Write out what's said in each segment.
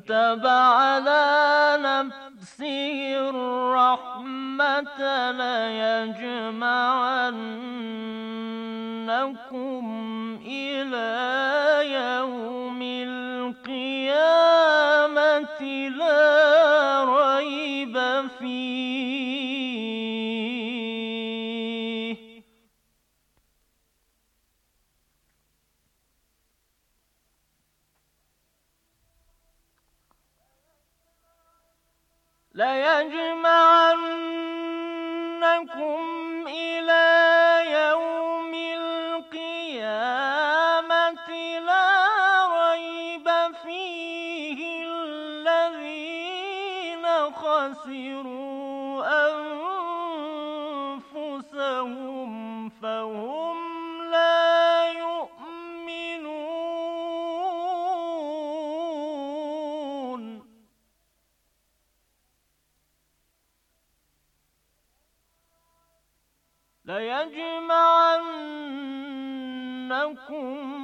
كتب على نفسه الرحمة ليجمعنكم إلى يوم القيامة لا ليجمعن لنجمعنكم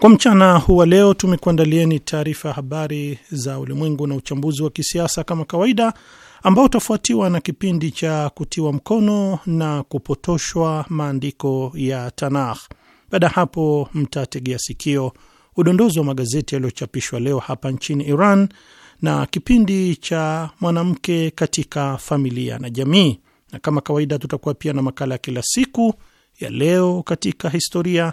Kwa mchana huwa leo tumekuandalieni taarifa ya habari za ulimwengu na uchambuzi wa kisiasa kama kawaida, ambao utafuatiwa na kipindi cha kutiwa mkono na kupotoshwa maandiko ya Tanakh. Baada ya hapo, mtategea sikio udondozi wa magazeti yaliyochapishwa leo hapa nchini Iran na kipindi cha mwanamke katika familia na jamii, na kama kawaida tutakuwa pia na makala ya kila siku ya leo katika historia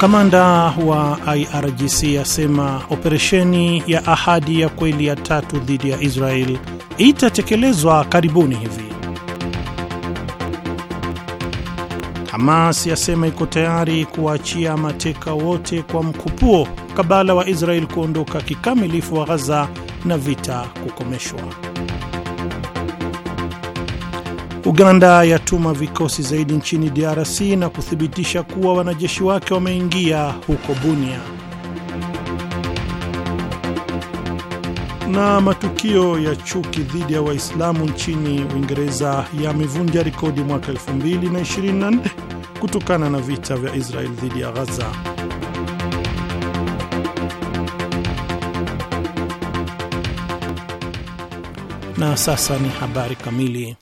Kamanda wa IRGC asema operesheni ya ahadi ya kweli ya tatu dhidi ya Israel itatekelezwa karibuni hivi. Hamas yasema iko tayari kuwaachia mateka wote kwa mkupuo kabala wa Israel kuondoka kikamilifu wa Ghaza na vita kukomeshwa. Uganda yatuma vikosi zaidi nchini DRC na kuthibitisha kuwa wanajeshi wake wameingia huko Bunia. Na matukio ya chuki dhidi ya Waislamu nchini Uingereza yamevunja rekodi mwaka 2024 kutokana na vita vya Israel dhidi ya Gaza. Na sasa ni habari kamili.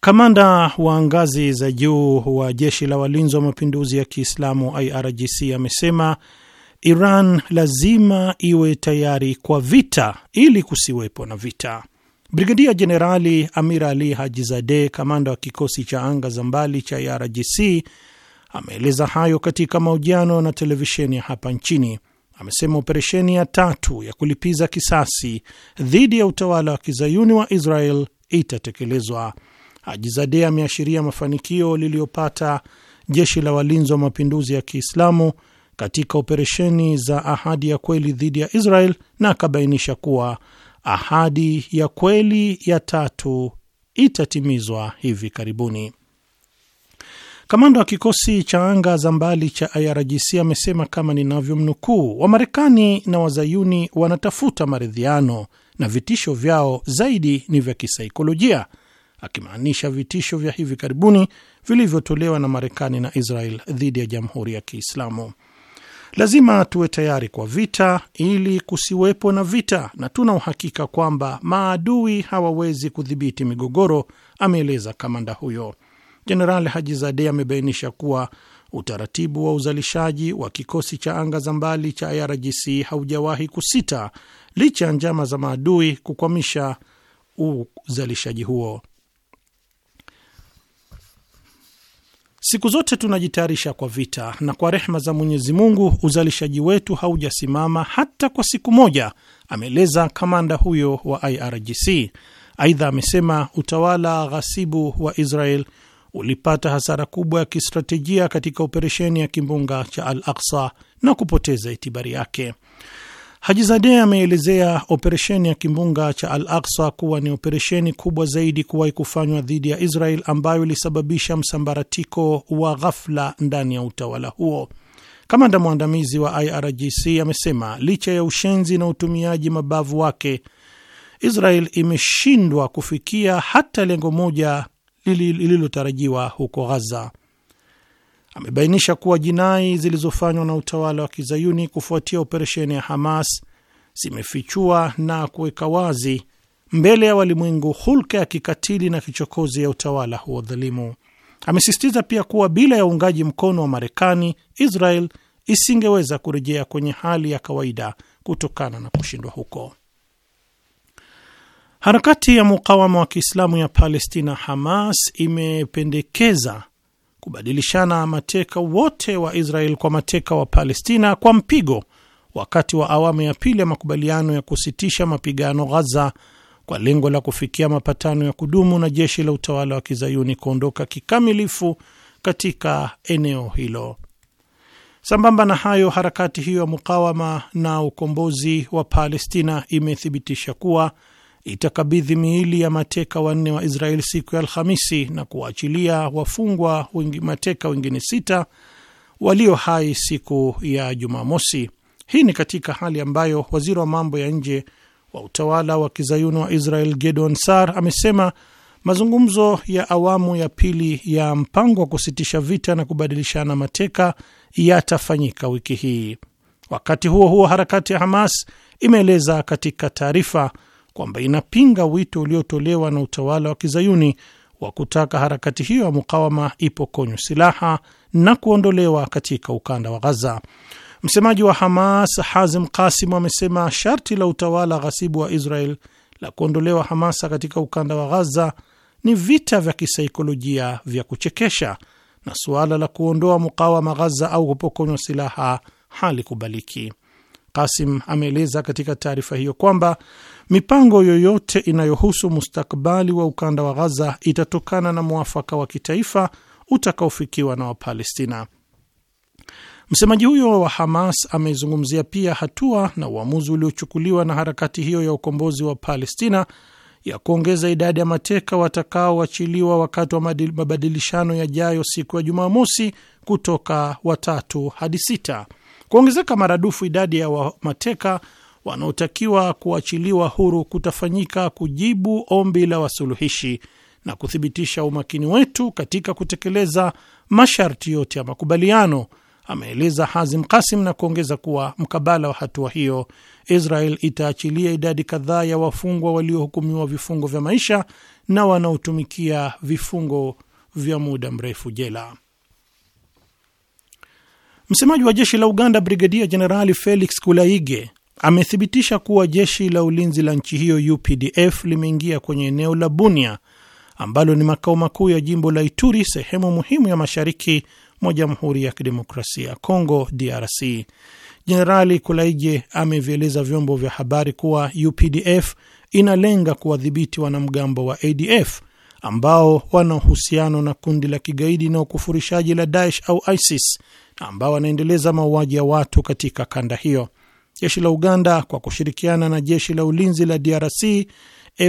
Kamanda wa ngazi za juu wa jeshi la walinzi wa mapinduzi ya Kiislamu IRGC amesema Iran lazima iwe tayari kwa vita ili kusiwepo na vita. Brigadia Jenerali Amir Ali zade kamanda wa kikosi cha anga za mbali cha IRGC, ameeleza hayo katika mahojiano na televisheni ya hapa nchini. Amesema operesheni ya tatu ya kulipiza kisasi dhidi ya utawala wa kizayuni wa Israel itatekelezwa. Ajizade ameashiria mafanikio liliyopata jeshi la walinzi wa mapinduzi ya Kiislamu katika operesheni za Ahadi ya Kweli dhidi ya Israel na akabainisha kuwa ahadi ya kweli ya tatu itatimizwa hivi karibuni. Kamanda wa kikosi cha anga za mbali cha IRGC amesema kama ninavyomnukuu, Wamarekani na Wazayuni wanatafuta maridhiano na vitisho vyao zaidi ni vya kisaikolojia akimaanisha vitisho vya hivi karibuni vilivyotolewa na Marekani na Israel dhidi ya Jamhuri ya Kiislamu. Lazima tuwe tayari kwa vita ili kusiwepo na vita, na tuna uhakika kwamba maadui hawawezi kudhibiti migogoro, ameeleza kamanda huyo. Jenerali Haji Zade amebainisha kuwa utaratibu wa uzalishaji wa kikosi cha anga za mbali cha IRGC haujawahi kusita licha ya njama za maadui kukwamisha uzalishaji huo. Siku zote tunajitayarisha kwa vita, na kwa rehma za Mwenyezi Mungu uzalishaji wetu haujasimama hata kwa siku moja, ameeleza kamanda huyo wa IRGC. Aidha amesema utawala ghasibu wa Israel ulipata hasara kubwa ya kistratejia katika operesheni ya kimbunga cha Al Aksa na kupoteza itibari yake. Haji Zade ameelezea operesheni ya kimbunga cha Al Aksa kuwa ni operesheni kubwa zaidi kuwahi kufanywa dhidi ya Israel ambayo ilisababisha msambaratiko wa ghafla ndani ya utawala huo. Kamanda mwandamizi wa IRGC amesema licha ya ushenzi na utumiaji mabavu wake, Israel imeshindwa kufikia hata lengo moja lililotarajiwa huko Ghaza amebainisha kuwa jinai zilizofanywa na utawala wa kizayuni kufuatia operesheni ya Hamas zimefichua na kuweka wazi mbele ya walimwengu hulka ya kikatili na kichokozi ya utawala huo dhalimu. Amesisitiza pia kuwa bila ya uungaji mkono wa Marekani, Israel isingeweza kurejea kwenye hali ya kawaida kutokana na kushindwa huko. Harakati ya mukawama wa Kiislamu ya Palestina, Hamas, imependekeza kubadilishana mateka wote wa Israel kwa mateka wa Palestina kwa mpigo wakati wa awamu ya pili ya makubaliano ya kusitisha mapigano Ghaza kwa lengo la kufikia mapatano ya kudumu na jeshi la utawala wa kizayuni kuondoka kikamilifu katika eneo hilo. Sambamba na hayo, harakati hiyo ya mukawama na ukombozi wa Palestina imethibitisha kuwa itakabidhi miili ya mateka wanne wa Israeli siku ya Alhamisi na kuwaachilia wafungwa wengi mateka wengine sita walio hai siku ya Jumamosi. Hii ni katika hali ambayo waziri wa mambo ya nje wa utawala wa kizayuni wa Israel Gedon Sar amesema mazungumzo ya awamu ya pili ya mpango wa kusitisha vita na kubadilishana mateka yatafanyika wiki hii. Wakati huo huo, harakati ya Hamas imeeleza katika taarifa kwamba inapinga wito uliotolewa na utawala wa kizayuni wa kutaka harakati hiyo ya mukawama ipokonywe silaha na kuondolewa katika ukanda wa Ghaza. Msemaji wa Hamas Hazim Kasim amesema sharti la utawala ghasibu wa Israel la kuondolewa Hamasa katika ukanda wa Ghaza ni vita vya kisaikolojia vya kuchekesha na suala la kuondoa mukawama Ghaza au kupokonywa silaha halikubaliki. Kasim ameeleza katika taarifa hiyo kwamba mipango yoyote inayohusu mustakabali wa ukanda wa Ghaza itatokana na mwafaka wa kitaifa utakaofikiwa na Wapalestina. Msemaji huyo wa Hamas amezungumzia pia hatua na uamuzi uliochukuliwa na harakati hiyo ya ukombozi wa Palestina ya kuongeza idadi ya mateka watakaoachiliwa wakati wa mabadilishano yajayo siku ya Jumamosi kutoka watatu hadi sita. Kuongezeka maradufu idadi ya wamateka wanaotakiwa kuachiliwa huru kutafanyika kujibu ombi la wasuluhishi na kuthibitisha umakini wetu katika kutekeleza masharti yote ya makubaliano, ameeleza Hazim Kasim na kuongeza kuwa mkabala wa hatua hiyo, Israel itaachilia idadi kadhaa ya wafungwa waliohukumiwa vifungo vya maisha na wanaotumikia vifungo vya muda mrefu jela. Msemaji wa jeshi la Uganda, Brigadia Jenerali Felix Kulaige amethibitisha kuwa jeshi la ulinzi la nchi hiyo UPDF limeingia kwenye eneo la Bunia ambalo ni makao makuu ya jimbo la Ituri, sehemu muhimu ya mashariki mwa Jamhuri ya Kidemokrasia ya Kongo, DRC. Jenerali kulaige amevieleza vyombo vya habari kuwa UPDF inalenga kuwadhibiti wanamgambo wa ADF ambao wana uhusiano na kundi la kigaidi na ukufurishaji la Daesh au ISIS ambao wanaendeleza mauaji ya watu katika kanda hiyo. Jeshi la Uganda kwa kushirikiana na jeshi la ulinzi la DRC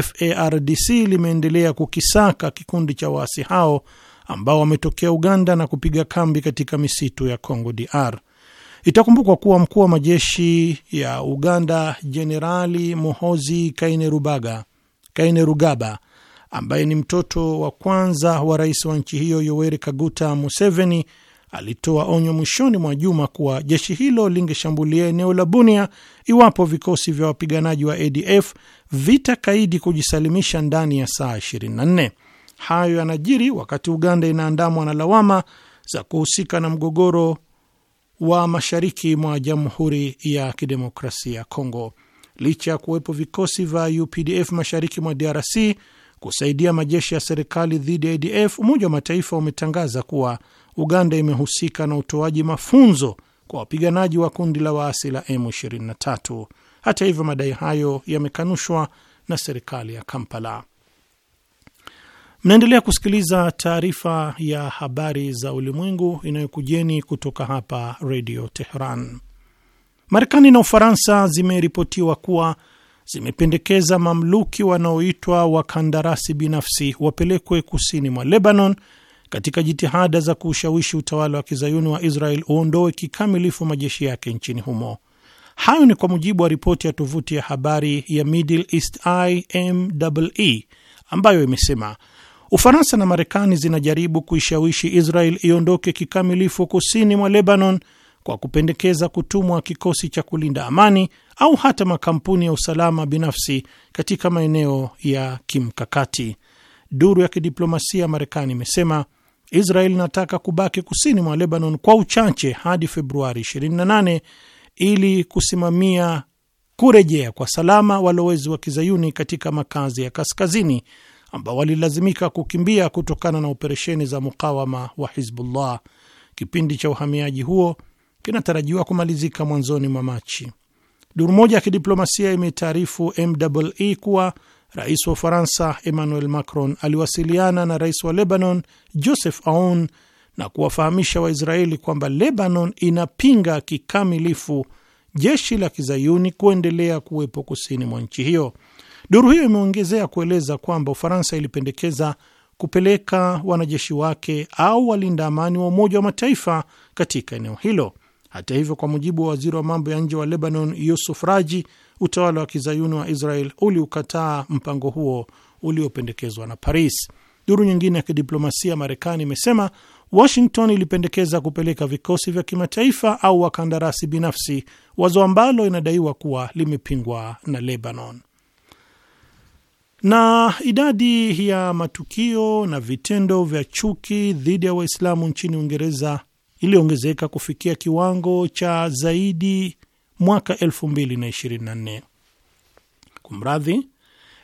FARDC limeendelea kukisaka kikundi cha waasi hao ambao wametokea Uganda na kupiga kambi katika misitu ya Congo DR. Itakumbukwa kuwa mkuu wa majeshi ya Uganda Jenerali Muhozi Kainerugaba, Kainerugaba ambaye ni mtoto wa kwanza wa rais wa nchi hiyo Yoweri Kaguta Museveni alitoa onyo mwishoni mwa juma kuwa jeshi hilo lingeshambulia eneo la Bunia iwapo vikosi vya wapiganaji wa ADF vitakaidi kujisalimisha ndani ya saa 24. Hayo yanajiri wakati Uganda inaandamwa na lawama za kuhusika na mgogoro wa mashariki mwa Jamhuri ya Kidemokrasia ya Kongo. Licha ya kuwepo vikosi vya UPDF mashariki mwa DRC kusaidia majeshi ya serikali dhidi ya ADF, Umoja wa Mataifa umetangaza kuwa Uganda imehusika na utoaji mafunzo kwa wapiganaji wa kundi la waasi la M23. Hata hivyo, madai hayo yamekanushwa na serikali ya Kampala. Mnaendelea kusikiliza taarifa ya habari za ulimwengu inayokujeni kutoka hapa Redio Teheran. Marekani na Ufaransa zimeripotiwa kuwa zimependekeza mamluki wanaoitwa wakandarasi binafsi wapelekwe kusini mwa Lebanon katika jitihada za kuushawishi utawala wa kizayuni wa Israel uondoe kikamilifu majeshi yake nchini humo. Hayo ni kwa mujibu wa ripoti ya tovuti ya habari ya Middle East Eye e, ambayo imesema Ufaransa na Marekani zinajaribu kuishawishi Israel iondoke kikamilifu kusini mwa Lebanon kwa kupendekeza kutumwa kikosi cha kulinda amani au hata makampuni ya usalama binafsi katika maeneo ya kimkakati. Duru ya kidiplomasia Marekani imesema Israel inataka kubaki kusini mwa Lebanon kwa uchache hadi Februari 28 ili kusimamia kurejea kwa salama walowezi wa kizayuni katika makazi ya kaskazini ambao walilazimika kukimbia kutokana na operesheni za mukawama wa Hizbullah. Kipindi cha uhamiaji huo kinatarajiwa kumalizika mwanzoni mwa Machi. Duru moja ya kidiplomasia imetaarifu MWE e kuwa Rais wa Ufaransa Emmanuel Macron aliwasiliana na rais wa Lebanon Joseph Aoun na kuwafahamisha Waisraeli kwamba Lebanon inapinga kikamilifu jeshi la kizayuni kuendelea kuwepo kusini mwa nchi hiyo. Duru hiyo imeongezea kueleza kwamba Ufaransa ilipendekeza kupeleka wanajeshi wake au walinda amani wa Umoja wa Mataifa katika eneo hilo. Hata hivyo, kwa mujibu wa waziri wa mambo ya nje wa Lebanon Yusuf Raji, utawala wa kizayuni wa Israel uliukataa mpango huo uliopendekezwa na Paris. Duru nyingine ya kidiplomasia Marekani imesema Washington ilipendekeza kupeleka vikosi vya kimataifa au wakandarasi binafsi, wazo ambalo inadaiwa kuwa limepingwa na Lebanon. Na idadi ya matukio na vitendo vya chuki dhidi ya Waislamu nchini Uingereza iliongezeka kufikia kiwango cha zaidi mwaka 2024. Kumradhi,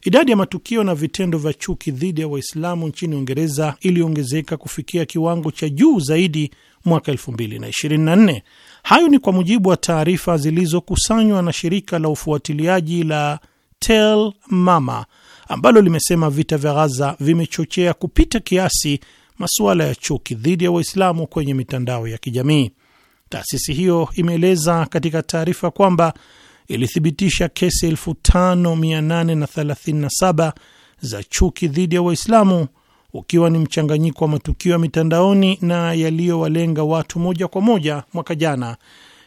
idadi ya matukio na vitendo vya chuki dhidi ya Waislamu nchini Uingereza iliongezeka kufikia kiwango cha juu zaidi mwaka 2024. Hayo ni kwa mujibu wa taarifa zilizokusanywa na shirika la ufuatiliaji la Tell Mama ambalo limesema vita vya Ghaza vimechochea kupita kiasi masuala ya chuki dhidi ya Waislamu kwenye mitandao ya kijamii. Taasisi hiyo imeeleza katika taarifa kwamba ilithibitisha kesi 5837 za chuki dhidi ya Waislamu ukiwa ni mchanganyiko wa matukio ya mitandaoni na yaliyowalenga watu moja kwa moja mwaka jana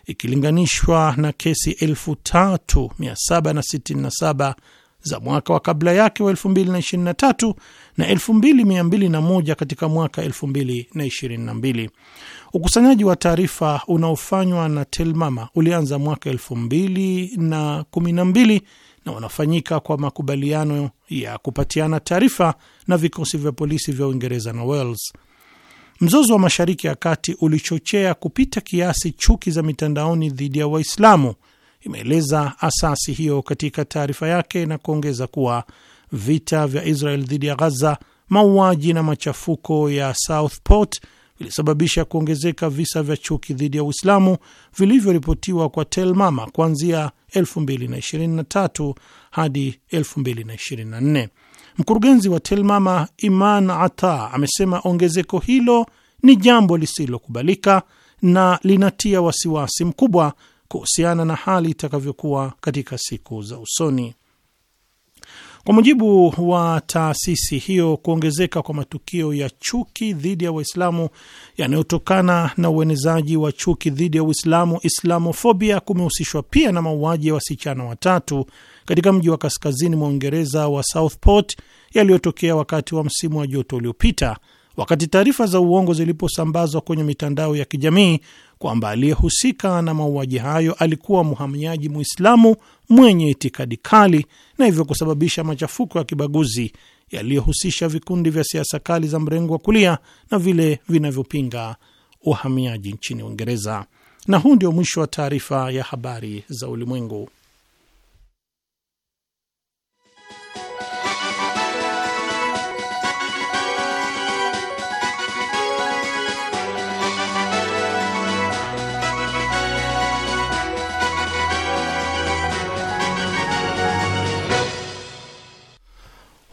ikilinganishwa na kesi 3767 za mwaka wa kabla yake wa 2023 na 2201 katika mwaka 2022. Ukusanyaji wa taarifa unaofanywa na Telmama ulianza mwaka 2012 na unafanyika kwa makubaliano ya kupatiana taarifa na vikosi vya polisi vya Uingereza na Wales. Mzozo wa Mashariki ya Kati ulichochea kupita kiasi chuki za mitandaoni dhidi ya Waislamu imeeleza asasi hiyo katika taarifa yake na kuongeza kuwa vita vya Israel dhidi ya Ghaza, mauaji na machafuko ya Southport vilisababisha kuongezeka visa vya chuki dhidi ya Uislamu vilivyoripotiwa kwa Telmama kuanzia 2023 hadi 2024. Mkurugenzi wa Telmama Iman Ata amesema ongezeko hilo ni jambo lisilokubalika na linatia wasiwasi mkubwa kuhusiana na hali itakavyokuwa katika siku za usoni. Kwa mujibu wa taasisi hiyo, kuongezeka kwa matukio ya chuki dhidi ya Waislamu yanayotokana na uenezaji wa chuki dhidi ya Uislamu, islamofobia, kumehusishwa pia na mauaji ya wasichana watatu katika mji wa kaskazini mwa Uingereza wa Southport yaliyotokea wakati wa msimu wa joto uliopita, wakati taarifa za uongo ziliposambazwa kwenye mitandao ya kijamii kwamba aliyehusika na mauaji hayo alikuwa mhamiaji Mwislamu mwenye itikadi kali na hivyo kusababisha machafuko ya kibaguzi yaliyohusisha vikundi vya siasa kali za mrengo wa kulia na vile vinavyopinga uhamiaji nchini Uingereza. Na huu ndio mwisho wa taarifa ya habari za ulimwengu.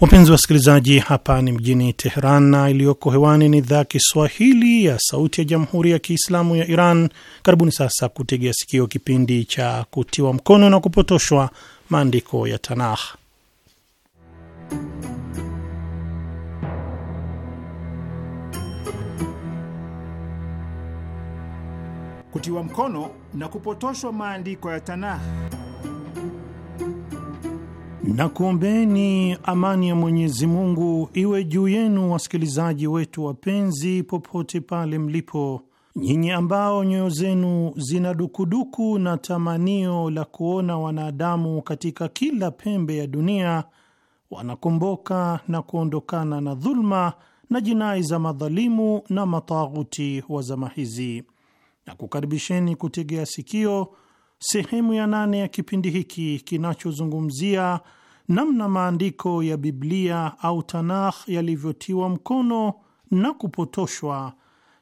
Wapenzi wasikilizaji, hapa ni mjini Teheran na iliyoko hewani ni idhaa Kiswahili ya Sauti ya Jamhuri ya Kiislamu ya Iran. Karibuni sasa kutegea sikio kipindi cha kutiwa mkono na kupotoshwa maandiko ya Tanakh. Kutiwa mkono na kupotoshwa maandiko ya Tanakh na kuombeni amani ya Mwenyezi Mungu iwe juu yenu, wasikilizaji wetu wapenzi, popote pale mlipo, nyinyi ambao nyoyo zenu zina dukuduku na tamanio la kuona wanadamu katika kila pembe ya dunia wanakomboka na kuondokana na dhuluma na jinai za madhalimu na mataghuti wa zama hizi, na kukaribisheni kutegea sikio sehemu ya nane ya kipindi hiki kinachozungumzia namna maandiko ya Biblia au Tanakh yalivyotiwa mkono na kupotoshwa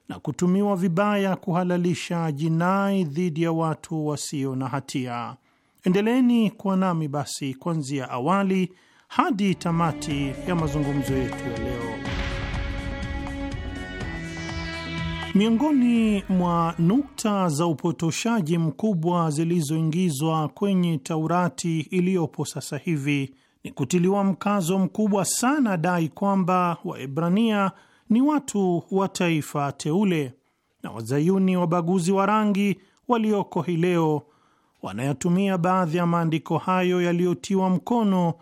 na kutumiwa vibaya kuhalalisha jinai dhidi ya watu wasio na hatia. Endeleeni kuwa nami basi kuanzia awali hadi tamati ya mazungumzo yetu ya leo. Miongoni mwa nukta za upotoshaji mkubwa zilizoingizwa kwenye Taurati iliyopo sasa hivi ni kutiliwa mkazo mkubwa sana dai kwamba Waebrania ni watu wa taifa teule, na wazayuni wabaguzi wa rangi walioko hii leo wanayatumia baadhi ya maandiko hayo yaliyotiwa mkono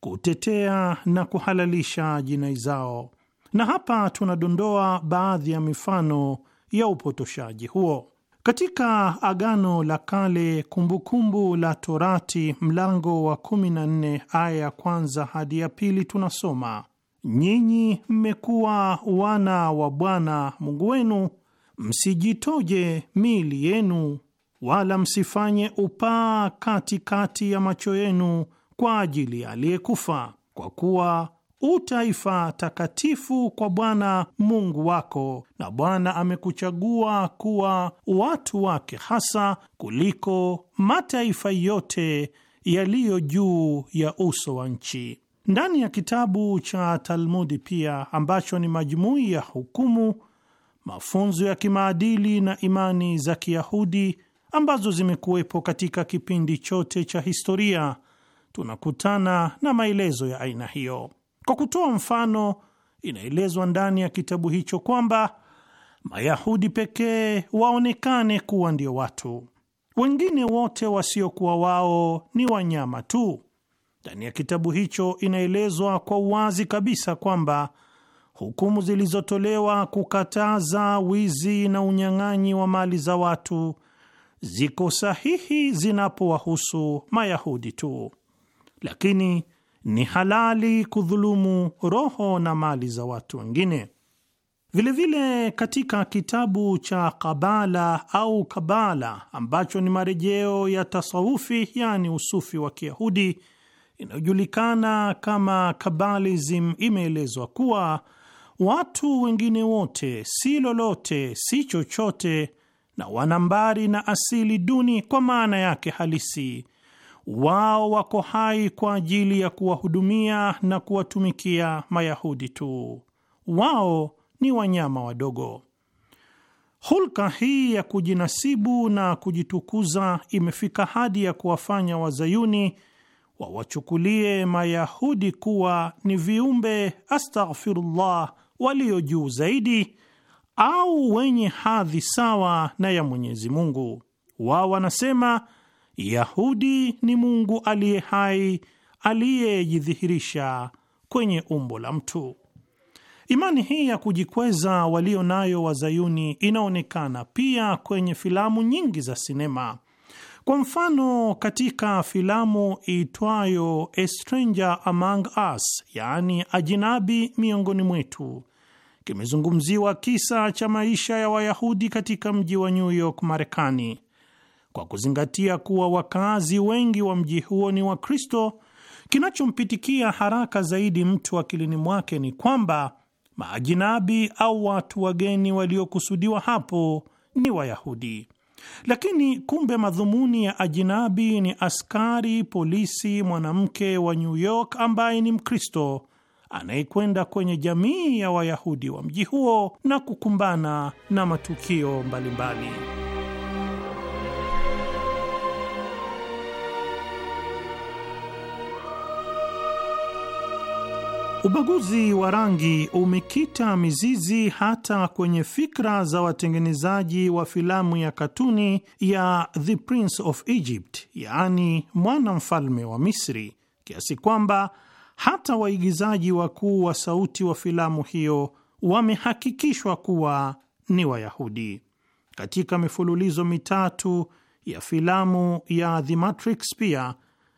kutetea na kuhalalisha jinai zao. Na hapa tunadondoa baadhi ya mifano ya upotoshaji huo katika Agano la Kale. Kumbukumbu la Torati mlango wa 14 aya ya kwanza hadi ya pili tunasoma Nyinyi mmekuwa wana wa Bwana Mungu wenu, msijitoje miili yenu, wala msifanye upaa katikati ya macho yenu kwa ajili ya aliyekufa, kwa kuwa utaifa takatifu kwa Bwana Mungu wako, na Bwana amekuchagua kuwa watu wake hasa kuliko mataifa yote yaliyo juu ya uso wa nchi. Ndani ya kitabu cha Talmudi pia ambacho ni majumui ya hukumu, mafunzo ya kimaadili na imani za Kiyahudi ambazo zimekuwepo katika kipindi chote cha historia, tunakutana na maelezo ya aina hiyo. Kwa kutoa mfano, inaelezwa ndani ya kitabu hicho kwamba Mayahudi pekee waonekane kuwa ndio watu, wengine wote wasiokuwa wao ni wanyama tu. Ndani ya kitabu hicho inaelezwa kwa uwazi kabisa kwamba hukumu zilizotolewa kukataza wizi na unyang'anyi wa mali za watu ziko sahihi zinapowahusu Mayahudi tu, lakini ni halali kudhulumu roho na mali za watu wengine. Vilevile katika kitabu cha Kabala au Kabala ambacho ni marejeo ya tasawufi, yani usufi wa Kiyahudi inayojulikana kama Kabalism, imeelezwa kuwa watu wengine wote si lolote, si chochote, na wanambari na asili duni kwa maana yake halisi wao wako hai kwa ajili ya kuwahudumia na kuwatumikia Mayahudi tu, wao ni wanyama wadogo. Hulka hii ya kujinasibu na kujitukuza imefika hadi ya kuwafanya wazayuni wawachukulie Mayahudi kuwa ni viumbe, astaghfirullah, walio juu zaidi au wenye hadhi sawa na ya Mwenyezi Mungu. Wao wanasema Yahudi ni Mungu aliye hai aliyejidhihirisha kwenye umbo la mtu. Imani hii ya kujikweza walio nayo wazayuni inaonekana pia kwenye filamu nyingi za sinema. Kwa mfano, katika filamu iitwayo A Stranger Among Us, yaani ajinabi miongoni mwetu, kimezungumziwa kisa cha maisha ya Wayahudi katika mji wa New York, Marekani, kwa kuzingatia kuwa wakazi wengi wa mji huo ni Wakristo, kinachompitikia haraka zaidi mtu akilini mwake ni kwamba maajinabi au watu wageni waliokusudiwa hapo ni Wayahudi. Lakini kumbe madhumuni ya ajinabi ni askari polisi mwanamke wa New York ambaye ni Mkristo anayekwenda kwenye jamii ya Wayahudi wa mji huo na kukumbana na matukio mbalimbali mbali. Ubaguzi wa rangi umekita mizizi hata kwenye fikra za watengenezaji wa filamu ya katuni ya The Prince of Egypt, yaani mwana mfalme wa Misri, kiasi kwamba hata waigizaji wakuu wa sauti wa filamu hiyo wamehakikishwa kuwa ni Wayahudi. Katika mifululizo mitatu ya filamu ya The Matrix pia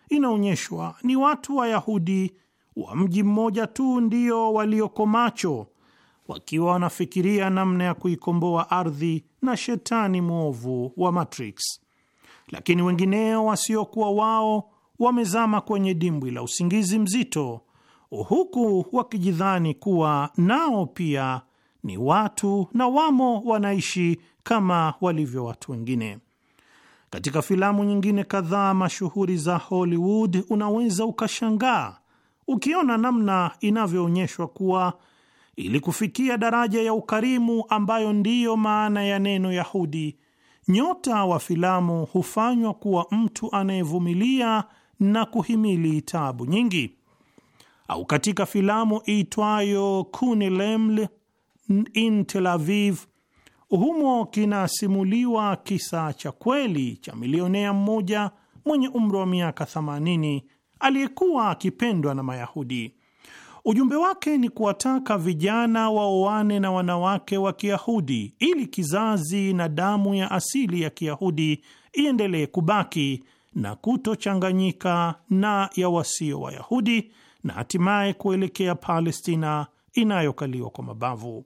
inaonyeshwa ni watu Wayahudi wa mji mmoja tu ndio walioko macho, wakiwa wanafikiria namna ya kuikomboa ardhi na shetani mwovu wa Matrix, lakini wengineo wasiokuwa wao wamezama kwenye dimbwi la usingizi mzito, huku wakijidhani kuwa nao pia ni watu na wamo wanaishi kama walivyo watu wengine. Katika filamu nyingine kadhaa mashuhuri za Hollywood unaweza ukashangaa ukiona namna inavyoonyeshwa kuwa ili kufikia daraja ya ukarimu ambayo ndiyo maana ya neno Yahudi, nyota wa filamu hufanywa kuwa mtu anayevumilia na kuhimili taabu nyingi. Au katika filamu iitwayo Kunileml in Tel Aviv, humo kinasimuliwa kisa cha kweli cha milionea mmoja mwenye umri wa miaka 80 aliyekuwa akipendwa na Mayahudi. Ujumbe wake ni kuwataka vijana waoane na wanawake wa Kiyahudi ili kizazi na damu ya asili ya Kiyahudi iendelee kubaki na kutochanganyika na ya wasio Wayahudi na hatimaye kuelekea Palestina inayokaliwa kwa mabavu.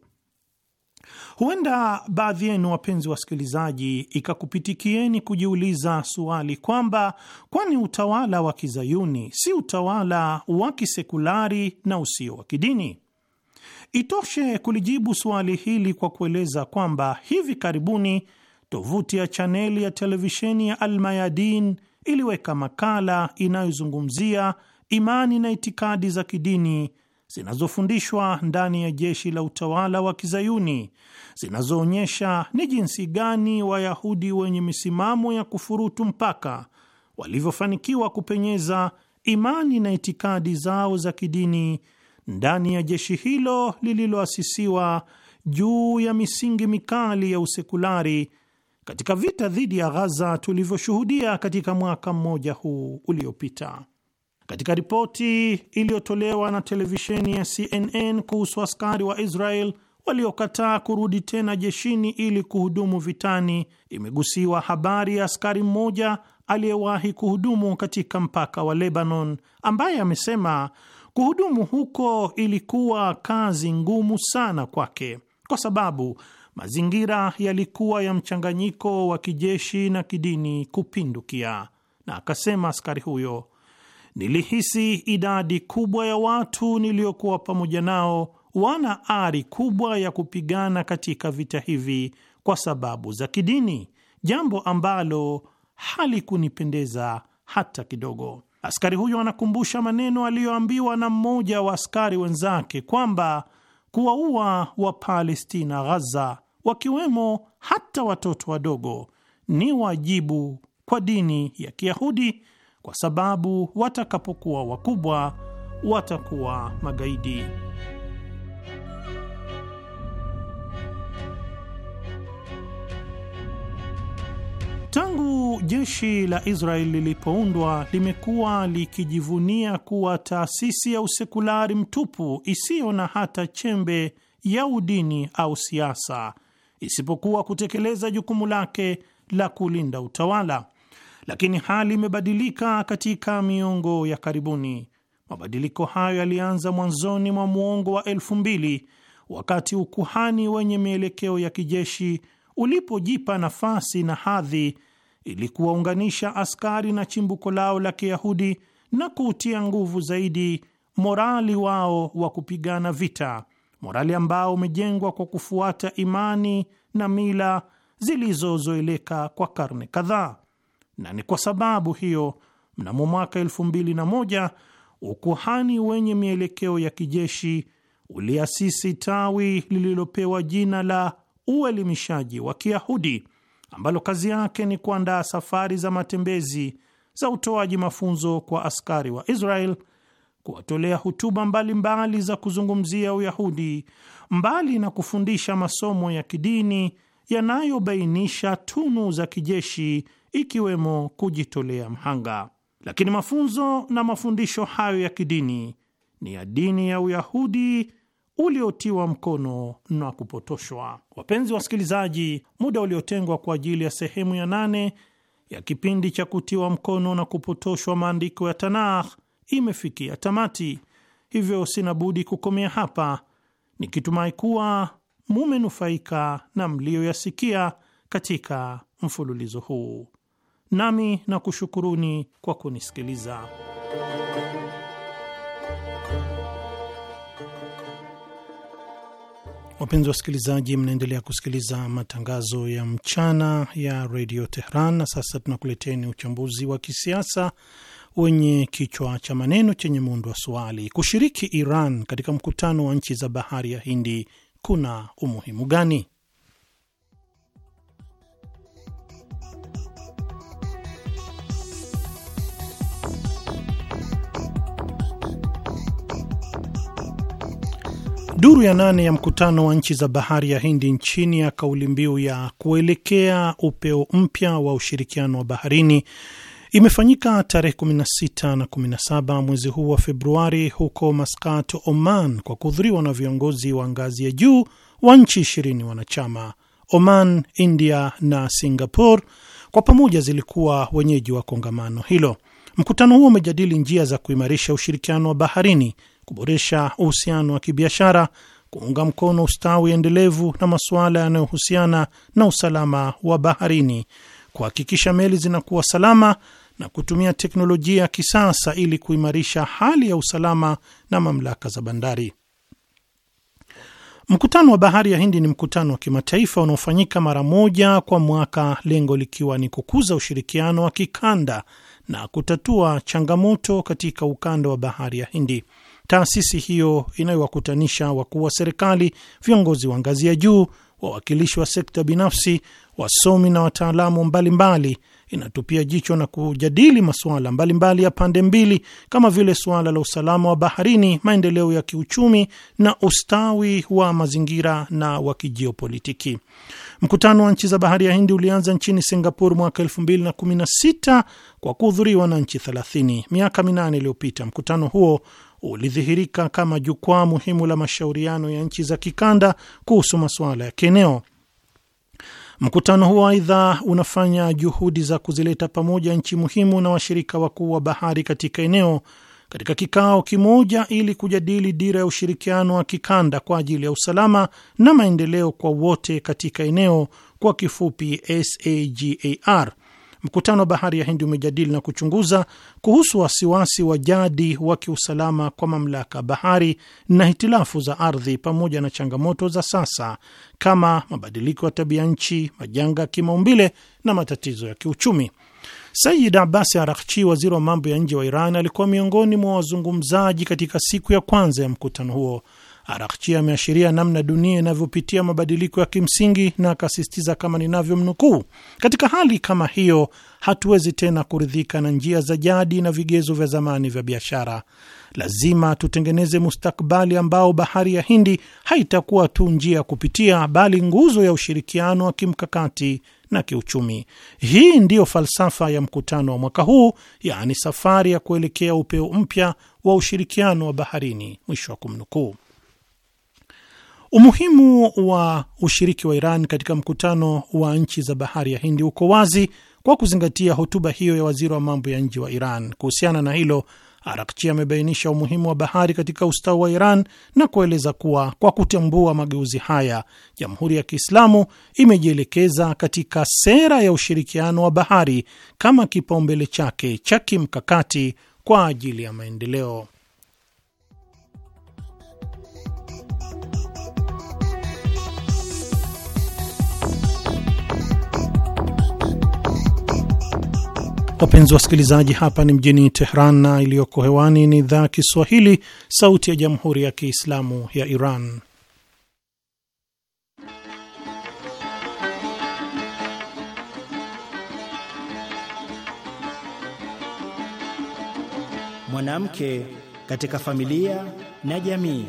Huenda baadhi yenu wapenzi wasikilizaji, ikakupitikieni kujiuliza suali kwamba kwani utawala wa kizayuni si utawala wa kisekulari na usio wa kidini? Itoshe kulijibu suali hili kwa kueleza kwamba hivi karibuni tovuti ya chaneli ya televisheni ya Almayadin iliweka makala inayozungumzia imani na itikadi za kidini zinazofundishwa ndani ya jeshi la utawala wa kizayuni zinazoonyesha ni jinsi gani Wayahudi wenye misimamo ya kufurutu mpaka walivyofanikiwa kupenyeza imani na itikadi zao za kidini ndani ya jeshi hilo lililoasisiwa juu ya misingi mikali ya usekulari katika vita dhidi ya Ghaza tulivyoshuhudia katika mwaka mmoja huu uliopita. Katika ripoti iliyotolewa na televisheni ya CNN kuhusu askari wa Israel waliokataa kurudi tena jeshini ili kuhudumu vitani, imegusiwa habari ya askari mmoja aliyewahi kuhudumu katika mpaka wa Lebanon, ambaye amesema kuhudumu huko ilikuwa kazi ngumu sana kwake kwa sababu mazingira yalikuwa ya mchanganyiko wa kijeshi na kidini kupindukia, na akasema askari huyo nilihisi idadi kubwa ya watu niliyokuwa pamoja nao wana ari kubwa ya kupigana katika vita hivi kwa sababu za kidini, jambo ambalo halikunipendeza hata kidogo. Askari huyo anakumbusha maneno aliyoambiwa na mmoja wa askari wenzake kwamba kuwaua Wapalestina Ghaza, wakiwemo hata watoto wadogo, ni wajibu kwa dini ya Kiyahudi kwa sababu watakapokuwa wakubwa watakuwa magaidi. Tangu jeshi la Israel lilipoundwa limekuwa likijivunia kuwa taasisi ya usekulari mtupu isiyo na hata chembe ya udini au siasa, isipokuwa kutekeleza jukumu lake la kulinda utawala lakini hali imebadilika katika miongo ya karibuni. Mabadiliko hayo yalianza mwanzoni mwa muongo wa elfu mbili wakati ukuhani wenye mielekeo ya kijeshi ulipojipa nafasi na hadhi ili kuwaunganisha askari na chimbuko lao la Kiyahudi na kuutia nguvu zaidi morali wao wa kupigana vita, morali ambao umejengwa kwa kufuata imani na mila zilizozoeleka kwa karne kadhaa na ni kwa sababu hiyo mnamo mwaka elfu mbili na moja ukuhani wenye mielekeo ya kijeshi uliasisi tawi lililopewa jina la uelimishaji wa Kiyahudi ambalo kazi yake ni kuandaa safari za matembezi za utoaji mafunzo kwa askari wa Israel, kuwatolea hutuba mbalimbali mbali za kuzungumzia Uyahudi, mbali na kufundisha masomo ya kidini yanayobainisha tunu za kijeshi ikiwemo kujitolea mhanga. Lakini mafunzo na mafundisho hayo ya kidini ni ya dini ya Uyahudi uliotiwa mkono na kupotoshwa. Wapenzi wasikilizaji, muda uliotengwa kwa ajili ya sehemu ya nane ya kipindi cha kutiwa mkono na kupotoshwa maandiko ya Tanakh imefikia tamati, hivyo sina budi kukomea hapa nikitumai kuwa mumenufaika na mliyoyasikia katika mfululizo huu nami na kushukuruni kwa kunisikiliza. Wapenzi wasikilizaji, mnaendelea kusikiliza matangazo ya mchana ya redio Tehran, na sasa tunakuleteni uchambuzi wa kisiasa wenye kichwa cha maneno chenye muundo wa swali: kushiriki Iran katika mkutano wa nchi za bahari ya Hindi kuna umuhimu gani? Duru ya nane ya mkutano wa nchi za bahari ya Hindi nchini ya kauli mbiu ya kuelekea upeo mpya wa ushirikiano wa baharini imefanyika tarehe 16 na 17 mwezi huu wa Februari huko Maskat, Oman, kwa kuhudhuriwa na viongozi wa ngazi ya juu wa nchi ishirini wanachama. Oman, India na Singapore kwa pamoja zilikuwa wenyeji wa kongamano hilo. Mkutano huo umejadili njia za kuimarisha ushirikiano wa baharini kuboresha uhusiano wa kibiashara, kuunga mkono ustawi endelevu na masuala yanayohusiana na usalama wa baharini, kuhakikisha meli zinakuwa salama na kutumia teknolojia ya kisasa ili kuimarisha hali ya usalama na mamlaka za bandari. Mkutano wa Bahari ya Hindi ni mkutano wa kimataifa unaofanyika mara moja kwa mwaka, lengo likiwa ni kukuza ushirikiano wa kikanda na kutatua changamoto katika ukanda wa Bahari ya Hindi taasisi hiyo inayowakutanisha wakuu wa serikali, viongozi wa ngazi ya juu, wawakilishi wa sekta binafsi, wasomi na wataalamu mbalimbali inatupia jicho na kujadili masuala mbalimbali ya pande mbili kama vile suala la usalama wa baharini, maendeleo ya kiuchumi na ustawi wa mazingira na wa kijiopolitiki. Mkutano wa nchi za bahari ya Hindi ulianza nchini Singapore mwaka sita kwa kuhudhuriwa na nchi thelathini. Miaka minane iliyopita mkutano huo ulidhihirika kama jukwaa muhimu la mashauriano ya nchi za kikanda kuhusu masuala ya kieneo. Mkutano huo aidha unafanya juhudi za kuzileta pamoja nchi muhimu na washirika wakuu wa bahari katika eneo katika kikao kimoja ili kujadili dira ya ushirikiano wa kikanda kwa ajili ya usalama na maendeleo kwa wote katika eneo, kwa kifupi SAGAR. Mkutano wa Bahari ya Hindi umejadili na kuchunguza kuhusu wasiwasi wa jadi wa kiusalama kwa mamlaka bahari na hitilafu za ardhi pamoja na changamoto za sasa kama mabadiliko ya tabia nchi, majanga ya kimaumbile na matatizo ya kiuchumi. Sayid Abbas arakchi waziri wa mambo ya nje wa Iran, alikuwa miongoni mwa wazungumzaji katika siku ya kwanza ya mkutano huo. Arakchi ameashiria namna dunia inavyopitia mabadiliko ya kimsingi na akasisitiza kama ninavyomnukuu, katika hali kama hiyo hatuwezi tena kuridhika na njia za jadi na vigezo vya zamani vya biashara. Lazima tutengeneze mustakbali ambao bahari ya Hindi haitakuwa tu njia ya kupitia, bali nguzo ya ushirikiano wa kimkakati na kiuchumi. Hii ndiyo falsafa ya mkutano wa mwaka huu, yaani safari ya kuelekea upeo mpya wa ushirikiano wa baharini. Mwisho wa kumnukuu. Umuhimu wa ushiriki wa Iran katika mkutano wa nchi za bahari ya Hindi uko wazi kwa kuzingatia hotuba hiyo ya waziri wa mambo ya nje wa Iran. Kuhusiana na hilo, Arakchi amebainisha umuhimu wa bahari katika ustawi wa Iran na kueleza kuwa kwa kutambua mageuzi haya, Jamhuri ya Kiislamu imejielekeza katika sera ya ushirikiano wa bahari kama kipaumbele chake cha kimkakati kwa ajili ya maendeleo. Wapenzi wasikilizaji, hapa ni mjini Tehran na iliyoko hewani ni idhaa Kiswahili sauti ya jamhuri ya Kiislamu ya Iran. Mwanamke katika familia na jamii.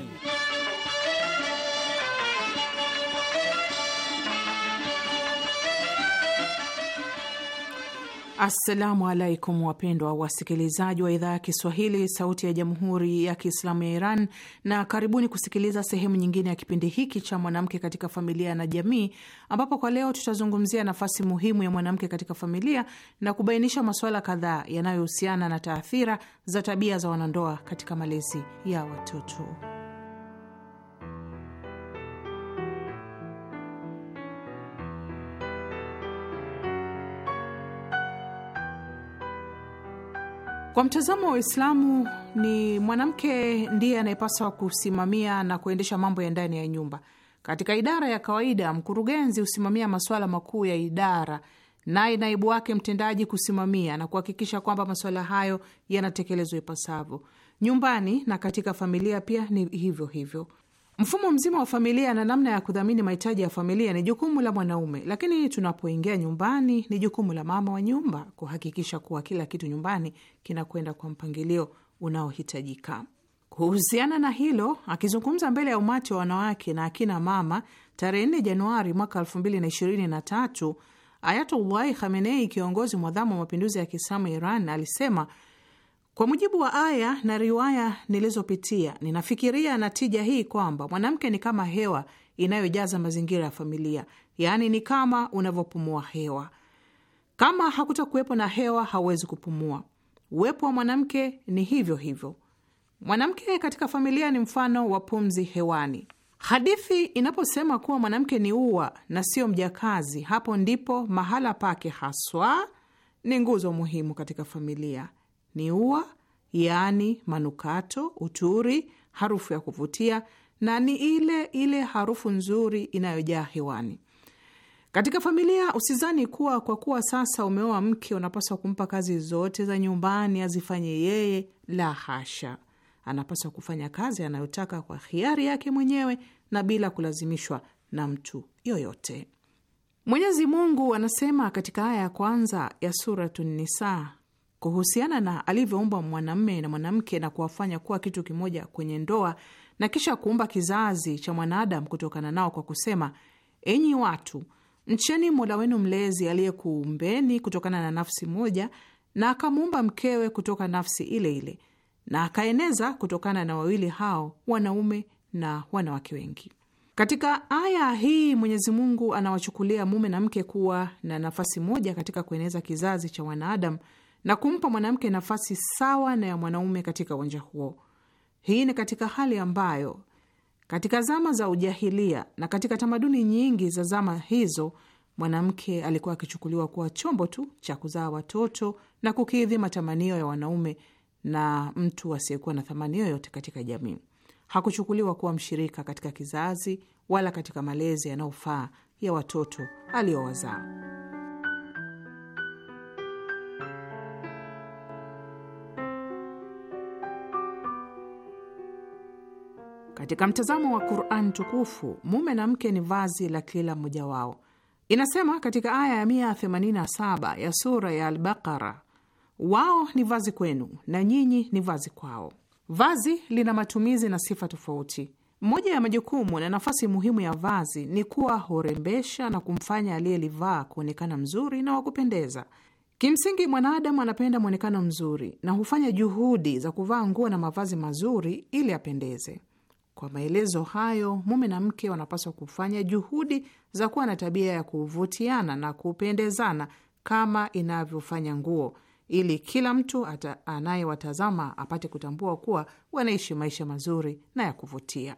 Assalamu alaikum wapendwa wasikilizaji wa idhaa ya Kiswahili sauti ya jamhuri ya Kiislamu ya Iran, na karibuni kusikiliza sehemu nyingine ya kipindi hiki cha mwanamke katika familia na jamii, ambapo kwa leo tutazungumzia nafasi muhimu ya mwanamke katika familia na kubainisha masuala kadhaa yanayohusiana na taathira za tabia za wanandoa katika malezi ya watoto. Kwa mtazamo wa Uislamu, ni mwanamke ndiye anayepaswa kusimamia na kuendesha mambo ya ndani ya nyumba. Katika idara ya kawaida, mkurugenzi husimamia masuala makuu ya idara, naye naibu wake mtendaji kusimamia na kuhakikisha kwamba masuala hayo yanatekelezwa ipasavyo. Nyumbani na katika familia pia ni hivyo hivyo. Mfumo mzima wa familia na namna ya kudhamini mahitaji ya familia ni jukumu la mwanaume, lakini tunapoingia nyumbani ni jukumu la mama wa nyumba kuhakikisha kuwa kila kitu nyumbani kinakwenda kwa mpangilio unaohitajika. Kuhusiana na hilo, akizungumza mbele ya umati wa wanawake na akina mama tarehe 4 Januari mwaka 2023, Ayatullahi Khamenei, kiongozi mwadhamu wa mapinduzi ya Kiislamu Iran, alisema kwa mujibu wa aya na riwaya nilizopitia, ninafikiria natija hii kwamba mwanamke ni kama hewa inayojaza mazingira ya familia, yaani ni kama unavyopumua hewa. Kama hakutakuwepo na hewa, hauwezi kupumua. Uwepo wa mwanamke ni hivyo hivyo. Mwanamke katika familia ni mfano wa pumzi hewani. Hadithi inaposema kuwa mwanamke ni ua na sio mjakazi, hapo ndipo mahala pake haswa ni nguzo muhimu katika familia ni ua, yaani manukato, uturi, harufu ya kuvutia, na ni ile ile harufu nzuri inayojaa hewani. Katika familia, usizani kuwa kwa kuwa sasa umeoa mke unapaswa kumpa kazi zote za nyumbani azifanye yeye. La hasha, anapaswa kufanya kazi anayotaka kwa hiari yake mwenyewe na bila kulazimishwa na mtu yoyote. Mwenyezi Mungu anasema katika aya ya kwanza ya Suratun kuhusiana na alivyoumba mwanamme na mwanamke na kuwafanya kuwa kitu kimoja kwenye ndoa na kisha kuumba kizazi cha mwanadamu kutokana nao kwa kusema: enyi watu, mcheni Mola wenu mlezi aliyekuumbeni kutokana na nafsi moja, na akamuumba mkewe kutoka nafsi ile ile, na akaeneza kutokana na wawili hao wanaume na wanawake wengi. Katika aya hii Mwenyezi Mungu anawachukulia mume na mke kuwa na nafasi moja katika kueneza kizazi cha wanadamu na kumpa mwanamke nafasi sawa na ya mwanaume katika uwanja huo. Hii ni katika hali ambayo katika zama za ujahilia na katika tamaduni nyingi za zama hizo mwanamke alikuwa akichukuliwa kuwa chombo tu cha kuzaa watoto na kukidhi matamanio ya wanaume na mtu asiyekuwa na thamani yoyote katika jamii. Hakuchukuliwa kuwa mshirika katika kizazi wala katika malezi yanayofaa ya watoto aliyowazaa. Katika mtazamo wa Quran tukufu, mume na mke ni vazi la kila mmoja wao. Inasema katika aya ya 187 ya sura ya Albaqara, wao ni vazi kwenu na nyinyi ni vazi kwao. Vazi lina matumizi na sifa tofauti. Moja ya majukumu na nafasi muhimu ya vazi ni kuwa hurembesha na kumfanya aliyelivaa kuonekana mzuri na wa kupendeza. Kimsingi, mwanadamu anapenda mwonekano mzuri na hufanya juhudi za kuvaa nguo na mavazi mazuri ili apendeze. Kwa maelezo hayo, mume na mke wanapaswa kufanya juhudi za kuwa na tabia ya kuvutiana na kupendezana kama inavyofanya nguo, ili kila mtu anayewatazama apate kutambua kuwa wanaishi maisha mazuri na ya kuvutia.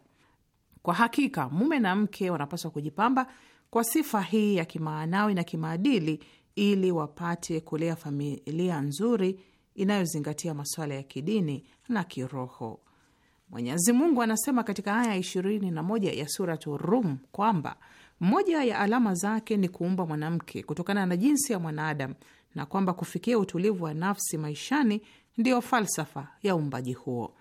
Kwa hakika, mume na mke wanapaswa kujipamba kwa sifa hii ya kimaanawi na kimaadili ili wapate kulea familia nzuri inayozingatia masuala ya kidini na kiroho. Mwenyezi Mungu anasema katika aya 21 ya Suratu Rum kwamba moja ya alama zake ni kuumba mwanamke kutokana na jinsi ya mwanaadamu na kwamba kufikia utulivu wa nafsi maishani ndiyo falsafa ya uumbaji huo.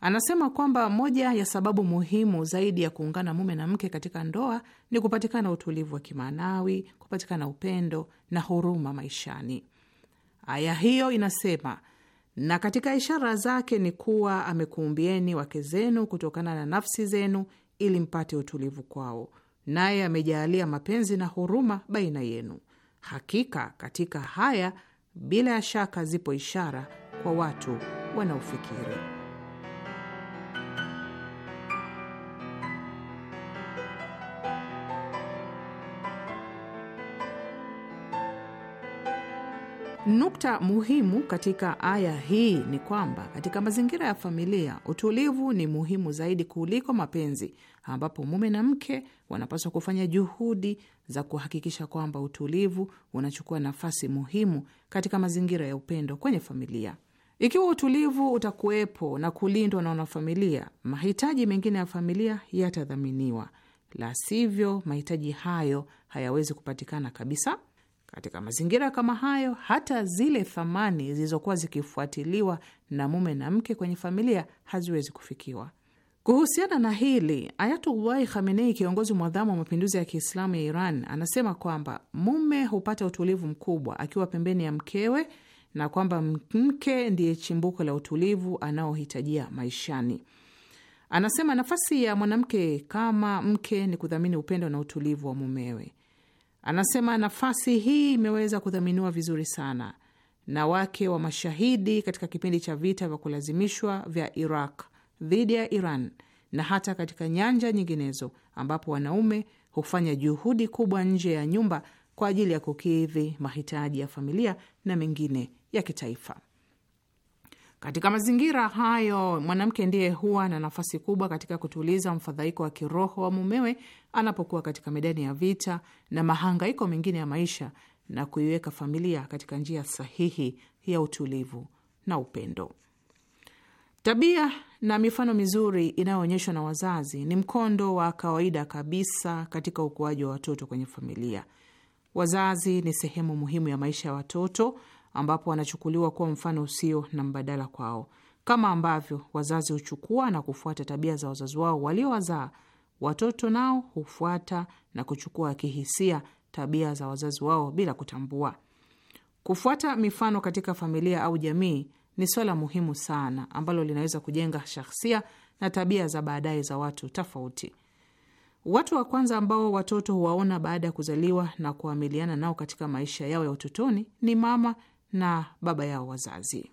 Anasema kwamba moja ya sababu muhimu zaidi ya kuungana mume na mke katika ndoa ni kupatikana utulivu wa kimaanawi, kupatikana upendo na huruma maishani. Aya hiyo inasema na katika ishara zake ni kuwa amekuumbieni wake zenu kutokana na nafsi zenu ili mpate utulivu kwao, naye amejaalia mapenzi na huruma baina yenu. Hakika katika haya bila ya shaka zipo ishara kwa watu wanaofikiri. Nukta muhimu katika aya hii ni kwamba katika mazingira ya familia utulivu ni muhimu zaidi kuliko mapenzi, ambapo mume na mke wanapaswa kufanya juhudi za kuhakikisha kwamba utulivu unachukua nafasi muhimu katika mazingira ya upendo kwenye familia. Ikiwa utulivu utakuwepo na kulindwa na wanafamilia, mahitaji mengine ya familia yatadhaminiwa, la sivyo mahitaji hayo hayawezi kupatikana kabisa. Katika mazingira kama hayo, hata zile thamani zilizokuwa zikifuatiliwa na mume na mke kwenye familia haziwezi kufikiwa. Kuhusiana na hili, Ayatullahi Khamenei, kiongozi mwadhamu wa mapinduzi ya Kiislamu ya Iran, anasema kwamba mume hupata utulivu mkubwa akiwa pembeni ya mkewe na kwamba mke ndiye chimbuko la utulivu anaohitajia maishani. Anasema nafasi ya mwanamke kama mke ni kudhamini upendo na utulivu wa mumewe. Anasema nafasi hii imeweza kudhaminiwa vizuri sana na wake wa mashahidi katika kipindi cha vita vya kulazimishwa vya Iraq dhidi ya Iran na hata katika nyanja nyinginezo ambapo wanaume hufanya juhudi kubwa nje ya nyumba kwa ajili ya kukidhi mahitaji ya familia na mengine ya kitaifa. Katika mazingira hayo, mwanamke ndiye huwa na nafasi kubwa katika kutuliza mfadhaiko wa kiroho wa mumewe anapokuwa katika medani ya vita na mahangaiko mengine ya maisha na kuiweka familia katika njia sahihi ya utulivu na upendo. Tabia na mifano mizuri inayoonyeshwa na wazazi ni mkondo wa kawaida kabisa katika ukuaji wa watoto kwenye familia. Wazazi ni sehemu muhimu ya maisha ya watoto ambapo wanachukuliwa kuwa mfano usio na mbadala kwao. Kama ambavyo wazazi huchukua na kufuata tabia za wazazi wao waliowazaa, watoto nao hufuata na kuchukua kihisia tabia za wazazi wao bila kutambua. Kufuata mifano katika familia au jamii ni swala muhimu sana ambalo linaweza kujenga shahsia na tabia za baadaye za watu tofauti. Watu wa kwanza ambao watoto huwaona baada ya kuzaliwa na kuamiliana nao katika maisha yao ya utotoni ni mama na baba yao wazazi.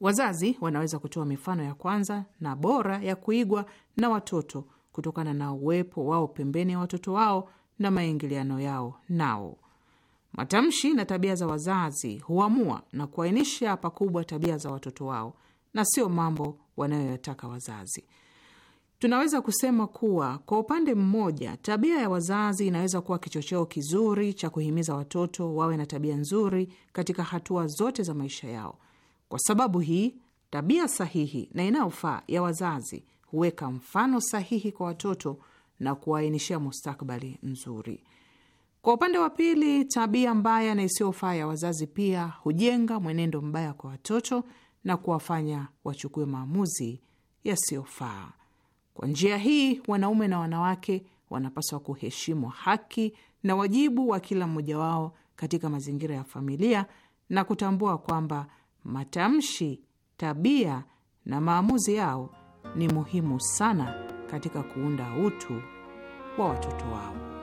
Wazazi wanaweza kutoa mifano ya kwanza na bora ya kuigwa na watoto kutokana na uwepo wao pembeni ya watoto wao na maingiliano yao nao. Matamshi na tabia za wazazi huamua na kuainisha pakubwa tabia za watoto wao na sio mambo wanayoyataka wazazi. Tunaweza kusema kuwa kwa upande mmoja, tabia ya wazazi inaweza kuwa kichocheo kizuri cha kuhimiza watoto wawe na tabia nzuri katika hatua zote za maisha yao. Kwa sababu hii, tabia sahihi na inayofaa ya wazazi huweka mfano sahihi kwa watoto na kuwaainishia mustakabali mzuri. Kwa upande wa pili, tabia mbaya na isiyofaa ya wazazi pia hujenga mwenendo mbaya kwa watoto na kuwafanya wachukue maamuzi yasiyofaa. Kwa njia hii, wanaume na wanawake wanapaswa kuheshimu haki na wajibu wa kila mmoja wao katika mazingira ya familia na kutambua kwamba matamshi, tabia na maamuzi yao ni muhimu sana katika kuunda utu wa watoto wao.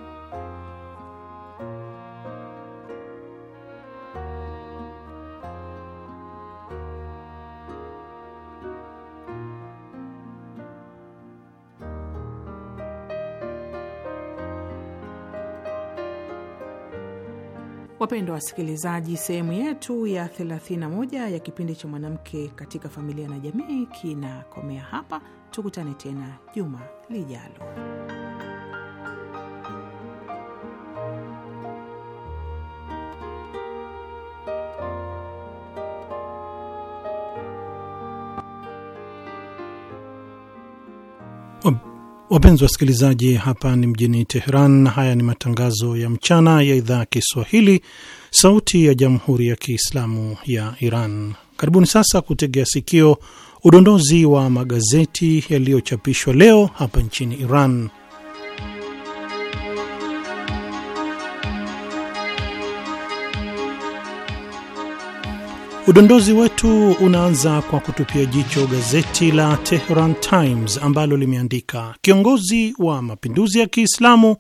Wapendwa wasikilizaji, sehemu yetu ya 31 ya kipindi cha mwanamke katika familia na jamii kinakomea hapa. Tukutane tena juma lijalo. Wapenzi wasikilizaji, hapa ni mjini Teheran na haya ni matangazo ya mchana ya idhaa ya Kiswahili, Sauti ya Jamhuri ya Kiislamu ya Iran. Karibuni sasa kutegea sikio udondozi wa magazeti yaliyochapishwa leo hapa nchini Iran. Udondozi wetu unaanza kwa kutupia jicho gazeti la Tehran Times ambalo limeandika kiongozi wa mapinduzi ya Kiislamu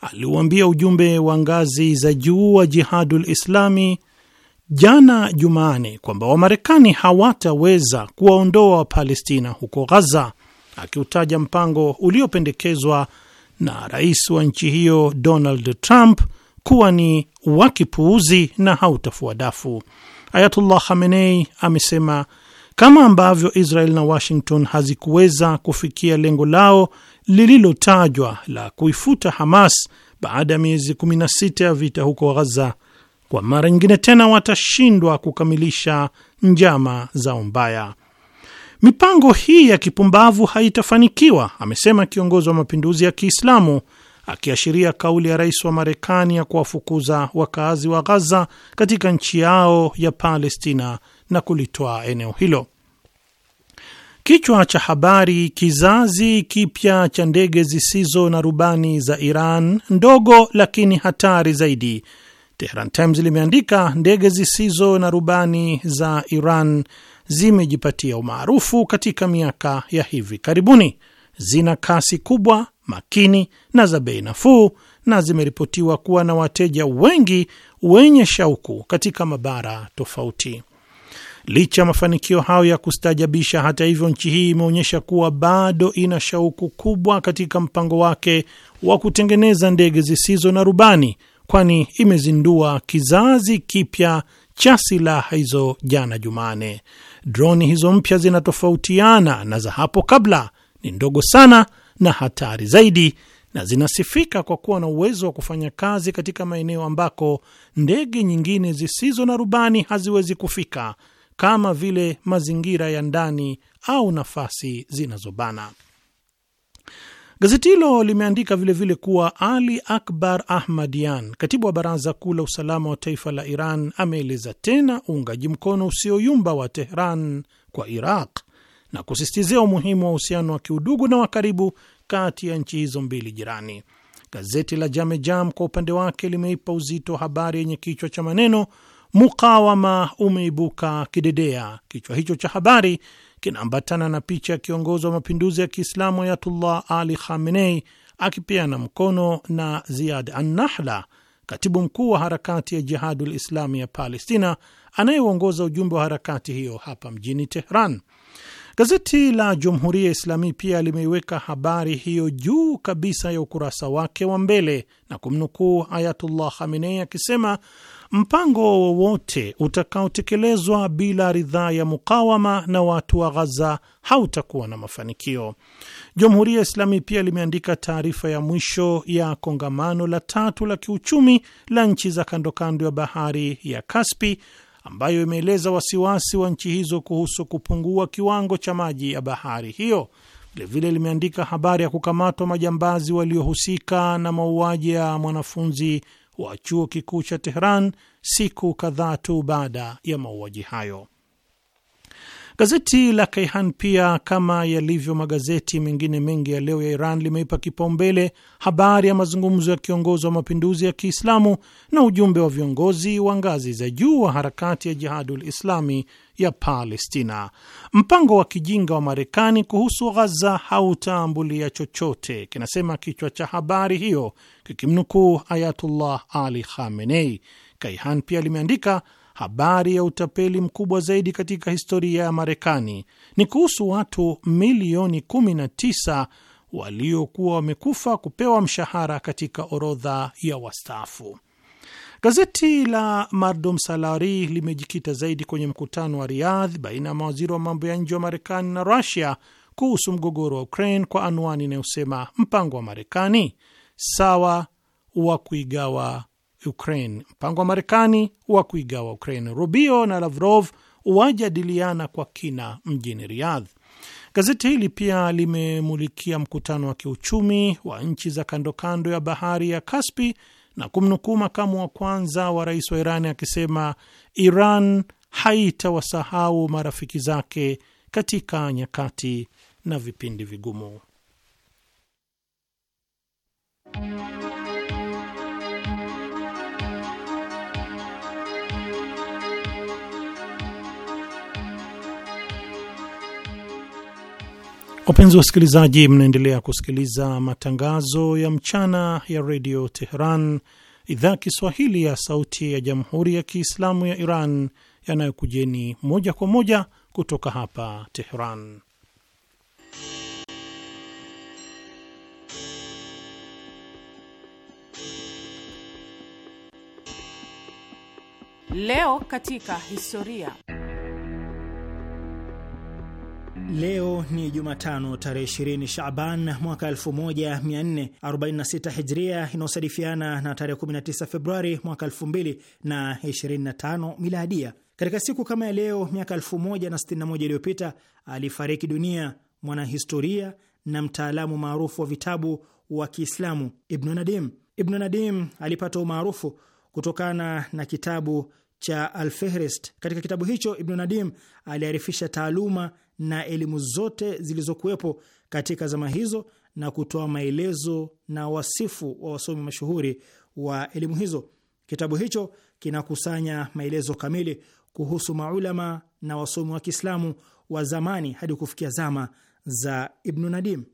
aliuambia ujumbe wa ngazi za juu wa Jihadul Islami jana jumane kwamba Wamarekani hawataweza kuwaondoa Wapalestina huko Ghaza, akiutaja mpango uliopendekezwa na rais wa nchi hiyo Donald Trump kuwa ni wakipuuzi na hautafua dafu. Ayatullah Khamenei amesema kama ambavyo Israel na Washington hazikuweza kufikia lengo lao lililotajwa la kuifuta Hamas baada ya miezi 16 ya vita huko Ghaza, kwa mara nyingine tena watashindwa kukamilisha njama zao mbaya. Mipango hii ya kipumbavu haitafanikiwa, amesema kiongozi wa mapinduzi ya Kiislamu akiashiria kauli ya rais wa Marekani ya kuwafukuza wakazi wa Ghaza katika nchi yao ya Palestina na kulitoa eneo hilo. Kichwa cha habari: kizazi kipya cha ndege zisizo na rubani za Iran, ndogo lakini hatari zaidi. Tehran Times limeandika ndege zisizo na rubani za Iran zimejipatia umaarufu katika miaka ya hivi karibuni, zina kasi kubwa makini na za bei nafuu na zimeripotiwa kuwa na wateja wengi wenye shauku katika mabara tofauti. Licha ya mafanikio hayo ya kustajabisha hata hivyo, nchi hii imeonyesha kuwa bado ina shauku kubwa katika mpango wake wa kutengeneza ndege zisizo na rubani, kwani imezindua kizazi kipya cha silaha hizo jana Jumane. Droni hizo mpya zinatofautiana na za hapo kabla, ni ndogo sana na hatari zaidi, na zinasifika kwa kuwa na uwezo wa kufanya kazi katika maeneo ambako ndege nyingine zisizo na rubani haziwezi kufika, kama vile mazingira ya ndani au nafasi zinazobana. Gazeti hilo limeandika vilevile vile kuwa Ali Akbar Ahmadian, katibu wa baraza kuu la usalama wa taifa la Iran, ameeleza tena uungaji mkono usioyumba wa Tehran kwa Iraq na kusisitizia umuhimu wa uhusiano wa kiudugu na wa karibu kati ya nchi hizo mbili jirani. Gazeti la Jamejam kwa upande wake limeipa uzito habari yenye kichwa cha maneno mukawama umeibuka kidedea. Kichwa hicho cha habari kinaambatana na picha ya kiongozi wa mapinduzi ya Kiislamu Ayatullah Ali Khamenei akipeana mkono na Ziad Annahla, katibu mkuu wa harakati ya Jihadul Islami ya Palestina anayeuongoza ujumbe wa harakati hiyo hapa mjini Tehran. Gazeti la Jumhuria ya Islami pia limeiweka habari hiyo juu kabisa ya ukurasa wake wa mbele na kumnukuu Ayatullah Khamenei akisema mpango wowote utakaotekelezwa bila ridhaa ya mukawama na watu wa Ghaza hautakuwa na mafanikio. Jumhuria ya Islami pia limeandika taarifa ya mwisho ya kongamano la tatu la kiuchumi la nchi za kandokando ya bahari ya Kaspi ambayo imeeleza wasiwasi wa nchi hizo kuhusu kupungua kiwango cha maji ya bahari hiyo. Vilevile limeandika habari ya kukamatwa majambazi waliohusika na mauaji ya mwanafunzi wa chuo kikuu cha Tehran siku kadhaa tu baada ya mauaji hayo. Gazeti la Kaihan pia kama yalivyo magazeti mengine mengi ya leo ya Iran limeipa kipaumbele habari ya mazungumzo ya kiongozi wa mapinduzi ya Kiislamu na ujumbe wa viongozi wa ngazi za juu wa harakati ya Jihadul Islami ya Palestina. Mpango wa kijinga wa Marekani kuhusu Ghaza hautaambulia chochote, kinasema kichwa cha habari hiyo kikimnukuu Ayatullah Ali Khamenei. Kaihan pia limeandika habari ya utapeli mkubwa zaidi katika historia ya Marekani ni kuhusu watu milioni 19 waliokuwa wamekufa kupewa mshahara katika orodha ya wastaafu. Gazeti la Mardom Salari limejikita zaidi kwenye mkutano wa Riyadh baina ya mawaziri wa mambo ya nje wa Marekani na Rusia kuhusu mgogoro wa Ukraine kwa anwani inayosema mpango wa Marekani sawa wa kuigawa Ukraine, mpango wa Marekani wa kuigawa Ukraine. Rubio na Lavrov wajadiliana kwa kina mjini Riyadh. Gazeti hili pia limemulikia mkutano wa kiuchumi wa nchi za kando kando ya bahari ya Kaspi na kumnukuu makamu wa kwanza wa rais wa Irani akisema Iran haitawasahau marafiki zake katika nyakati na vipindi vigumu. Wapenzi wasikilizaji, mnaendelea kusikiliza matangazo ya mchana ya redio Teheran, idhaa Kiswahili ya sauti ya jamhuri ya Kiislamu ya Iran, yanayokujeni moja kwa moja kutoka hapa Teheran. Leo katika historia Leo ni Jumatano tarehe 20 Shaban mwaka 1446 Hijria, inayosadifiana na tarehe 19 Februari mwaka 2025 Miladia. Katika siku kama ya leo miaka 1061 iliyopita alifariki dunia mwanahistoria na mtaalamu maarufu wa vitabu wa Kiislamu Ibnu Nadim. Ibnu Nadim alipata umaarufu kutokana na kitabu cha Alfehrist. Katika kitabu hicho Ibnu Nadim aliarifisha taaluma na elimu zote zilizokuwepo katika zama hizo na kutoa maelezo na wasifu wa wasomi mashuhuri wa elimu hizo. Kitabu hicho kinakusanya maelezo kamili kuhusu maulama na wasomi wa Kiislamu wa zamani hadi kufikia zama za Ibnu Nadim.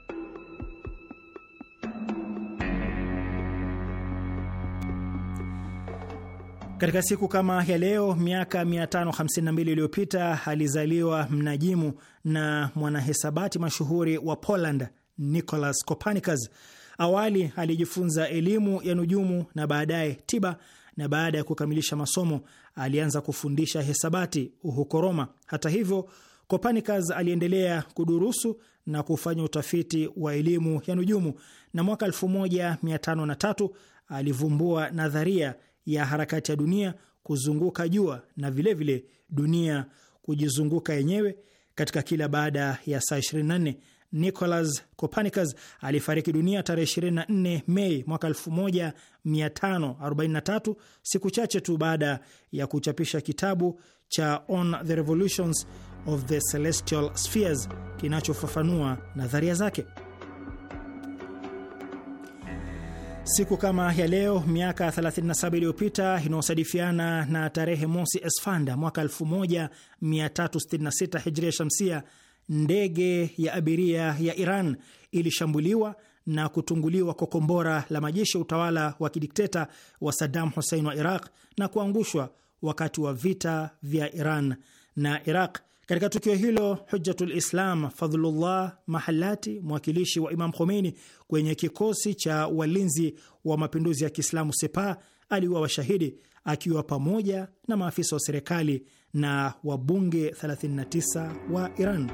Katika siku kama ya leo miaka 552 iliyopita alizaliwa mnajimu na mwanahesabati mashuhuri wa Poland Nicolas Copernicus. Awali alijifunza elimu ya nujumu na baadaye tiba, na baada ya kukamilisha masomo alianza kufundisha hesabati huko Roma. Hata hivyo, Copernicus aliendelea kudurusu na kufanya utafiti wa elimu ya nujumu, na mwaka 1503 alivumbua nadharia ya harakati ya dunia kuzunguka jua na vilevile vile dunia kujizunguka yenyewe katika kila baada ya saa 24. Nicolas Copernicus alifariki dunia tarehe 24 Mei mwaka 1543, siku chache tu baada ya kuchapisha kitabu cha On the Revolutions of the Celestial Spheres kinachofafanua nadharia zake. Siku kama ya leo miaka 37 iliyopita inayosadifiana na tarehe mosi Esfanda mwaka 1366 hijria shamsia, ndege ya abiria ya Iran ilishambuliwa na kutunguliwa kwa kombora la majeshi ya utawala wa kidikteta wa Saddam Hussein wa Iraq na kuangushwa wakati wa vita vya Iran na Iraq. Katika tukio hilo Hujjatul Islam Fadhlullah Mahalati, mwakilishi wa Imam Khomeini kwenye kikosi cha walinzi wa mapinduzi ya Kiislamu Sepa, aliuawa washahidi akiwa pamoja na maafisa wa serikali na wabunge 39 wa Iran.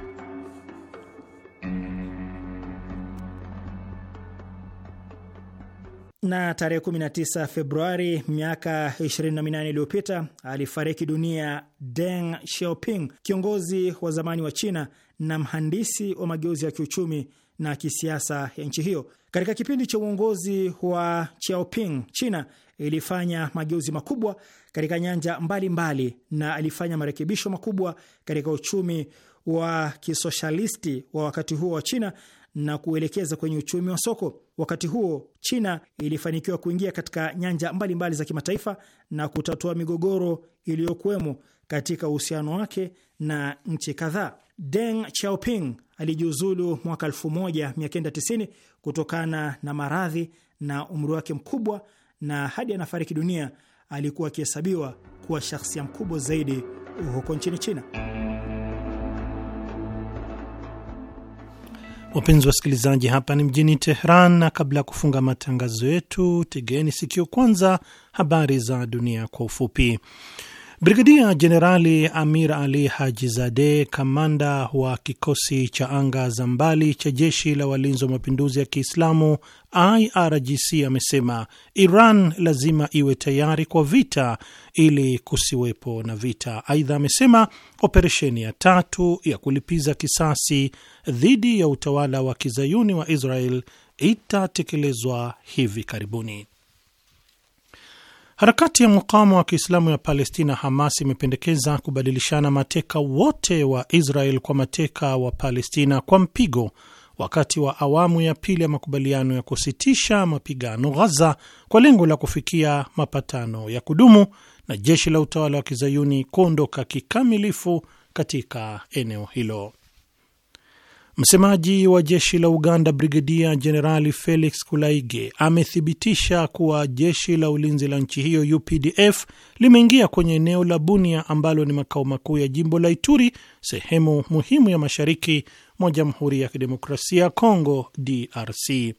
na tarehe 19 Februari miaka 28 iliyopita alifariki dunia Deng Xiaoping, kiongozi wa zamani wa China na mhandisi wa mageuzi ya kiuchumi na kisiasa ya nchi hiyo. Katika kipindi cha uongozi wa Xiaoping, China ilifanya mageuzi makubwa katika nyanja mbalimbali mbali, na alifanya marekebisho makubwa katika uchumi wa kisoshalisti wa wakati huo wa China na kuelekeza kwenye uchumi wa soko. Wakati huo, China ilifanikiwa kuingia katika nyanja mbalimbali mbali za kimataifa na kutatua migogoro iliyokuwemo katika uhusiano wake na nchi kadhaa. Deng Xiaoping alijiuzulu mwaka 1990 kutokana na maradhi na umri wake mkubwa, na hadi anafariki dunia alikuwa akihesabiwa kuwa shahsia mkubwa zaidi huko nchini China. Wapenzi wasikilizaji, hapa ni mjini Teheran, na kabla ya kufunga matangazo yetu, tegeni sikio kwanza habari za dunia kwa ufupi. Brigadia Jenerali Amir Ali Haji Zade, kamanda wa kikosi cha anga za mbali cha jeshi la walinzi wa mapinduzi ya Kiislamu IRGC, amesema Iran lazima iwe tayari kwa vita ili kusiwepo na vita. Aidha amesema operesheni ya tatu ya kulipiza kisasi dhidi ya utawala wa kizayuni wa Israel itatekelezwa hivi karibuni. Harakati ya mukawama wa Kiislamu ya Palestina, Hamas, imependekeza kubadilishana mateka wote wa Israel kwa mateka wa Palestina kwa mpigo wakati wa awamu ya pili ya makubaliano ya kusitisha mapigano Ghaza kwa lengo la kufikia mapatano ya kudumu na jeshi la utawala wa kizayuni kuondoka kikamilifu katika eneo hilo. Msemaji wa jeshi la Uganda, Brigedia Jenerali Felix Kulaige, amethibitisha kuwa jeshi la ulinzi la nchi hiyo UPDF limeingia kwenye eneo la Bunia ambalo ni makao makuu ya jimbo la Ituri, sehemu muhimu ya mashariki mwa Jamhuri ya Kidemokrasia ya Kongo, DRC.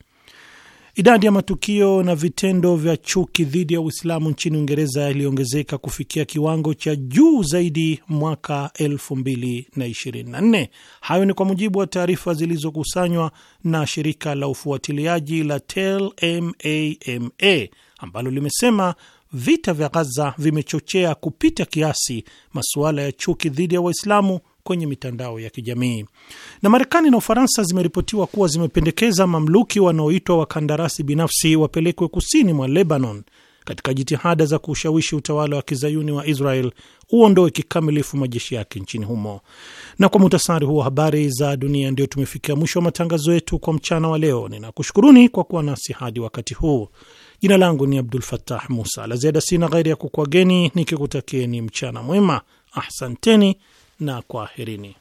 Idadi ya matukio na vitendo vya chuki dhidi ya Uislamu nchini Uingereza iliongezeka kufikia kiwango cha juu zaidi mwaka 2024. Hayo ni kwa mujibu wa taarifa zilizokusanywa na shirika la ufuatiliaji la TELMAMA ambalo limesema vita vya Ghaza vimechochea kupita kiasi masuala ya chuki dhidi ya Waislamu kwenye mitandao ya kijamii. Na Marekani na Ufaransa zimeripotiwa kuwa zimependekeza mamluki wanaoitwa wakandarasi binafsi wapelekwe kusini mwa Lebanon katika jitihada za kuushawishi utawala wa kizayuni wa Israel uondoe kikamilifu majeshi yake nchini humo. Na kwa muhtasari huo habari za dunia, ndio tumefikia mwisho wa matangazo yetu kwa mchana wa leo. Ninakushukuruni kwa kuwa nasi hadi wakati huu. Jina langu ni Abdul Fattah Musa. La ziada sina ghairi ya kukwageni nikikutakieni mchana mwema. Ahsanteni na kwaherini.